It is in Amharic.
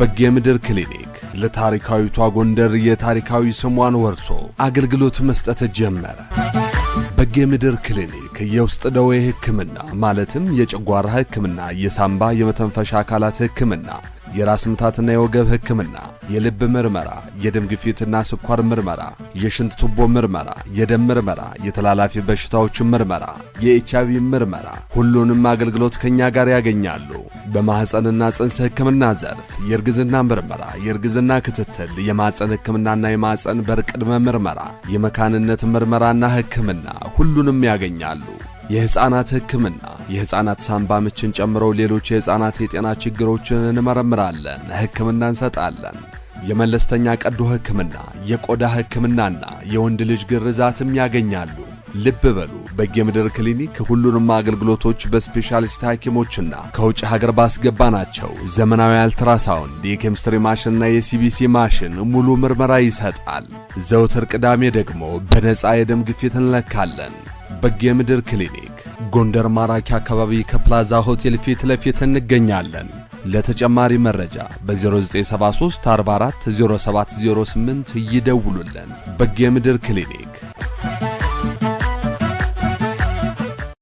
በጌ ምድር ክሊኒክ ለታሪካዊቷ ጎንደር የታሪካዊ ስሟን ወርሶ አገልግሎት መስጠት ጀመረ። በጌ ምድር ክሊኒክ የውስጥ ደዌ ሕክምና ማለትም የጨጓራ ሕክምና፣ የሳምባ የመተንፈሻ አካላት ሕክምና የራስ ምታትና የወገብ ሕክምና፣ የልብ ምርመራ፣ የደም ግፊትና ስኳር ምርመራ፣ የሽንት ቱቦ ምርመራ፣ የደም ምርመራ፣ የተላላፊ በሽታዎች ምርመራ፣ የኤችአይቪ ምርመራ፣ ሁሉንም አገልግሎት ከኛ ጋር ያገኛሉ። በማህፀንና ጽንስ ሕክምና ዘርፍ የእርግዝና ምርመራ፣ የእርግዝና ክትትል፣ የማፀን ሕክምናና የማፀን በርቅድመ ምርመራ፣ የመካንነት ምርመራና ሕክምና ሁሉንም ያገኛሉ። የህፃናት ህክምና የህፃናት ሳንባ ምችን ጨምሮ ሌሎች የህፃናት የጤና ችግሮችን እንመረምራለን፣ ህክምና እንሰጣለን። የመለስተኛ ቀዶ ህክምና፣ የቆዳ ህክምናና የወንድ ልጅ ግርዛትም ያገኛሉ። ልብ በሉ በጌምድር ክሊኒክ ሁሉንም አገልግሎቶች በስፔሻሊስት ሐኪሞችና ከውጭ ሀገር ባስገባ ናቸው። ዘመናዊ አልትራሳውንድ፣ የኬሚስትሪ ማሽንና የሲቢሲ ማሽን ሙሉ ምርመራ ይሰጣል። ዘውትር ቅዳሜ ደግሞ በነፃ የደም ግፊት እንለካለን። በጌምድር ክሊኒክ ጎንደር ማራኪ አካባቢ ከፕላዛ ሆቴል ፊት ለፊት እንገኛለን። ለተጨማሪ መረጃ በ0973 44 0708 ይደውሉልን። በጌምድር ክሊኒክ